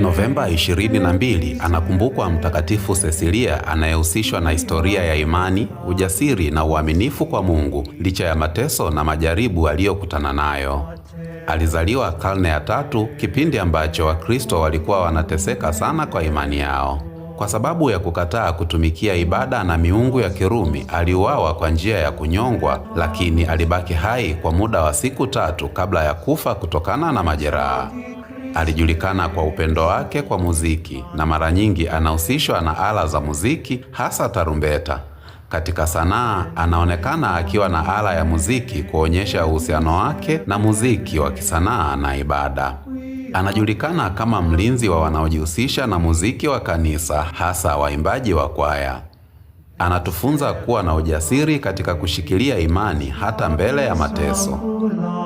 Novemba 22 anakumbukwa Mtakatifu Cecilia anayehusishwa na historia ya imani, ujasiri na uaminifu kwa Mungu licha ya mateso na majaribu aliyokutana nayo. Alizaliwa karne ya tatu, kipindi ambacho Wakristo walikuwa wanateseka sana kwa imani yao. Kwa sababu ya kukataa kutumikia ibada na miungu ya Kirumi, aliuawa kwa njia ya kunyongwa, lakini alibaki hai kwa muda wa siku tatu kabla ya kufa kutokana na majeraha. Alijulikana kwa upendo wake kwa muziki na mara nyingi anahusishwa na ala za muziki, hasa tarumbeta. Katika sanaa anaonekana akiwa na ala ya muziki kuonyesha uhusiano wake na muziki wa kisanaa na ibada. Anajulikana kama mlinzi wa wanaojihusisha na muziki wa kanisa, hasa waimbaji wa kwaya. Anatufunza kuwa na ujasiri katika kushikilia imani hata mbele ya mateso.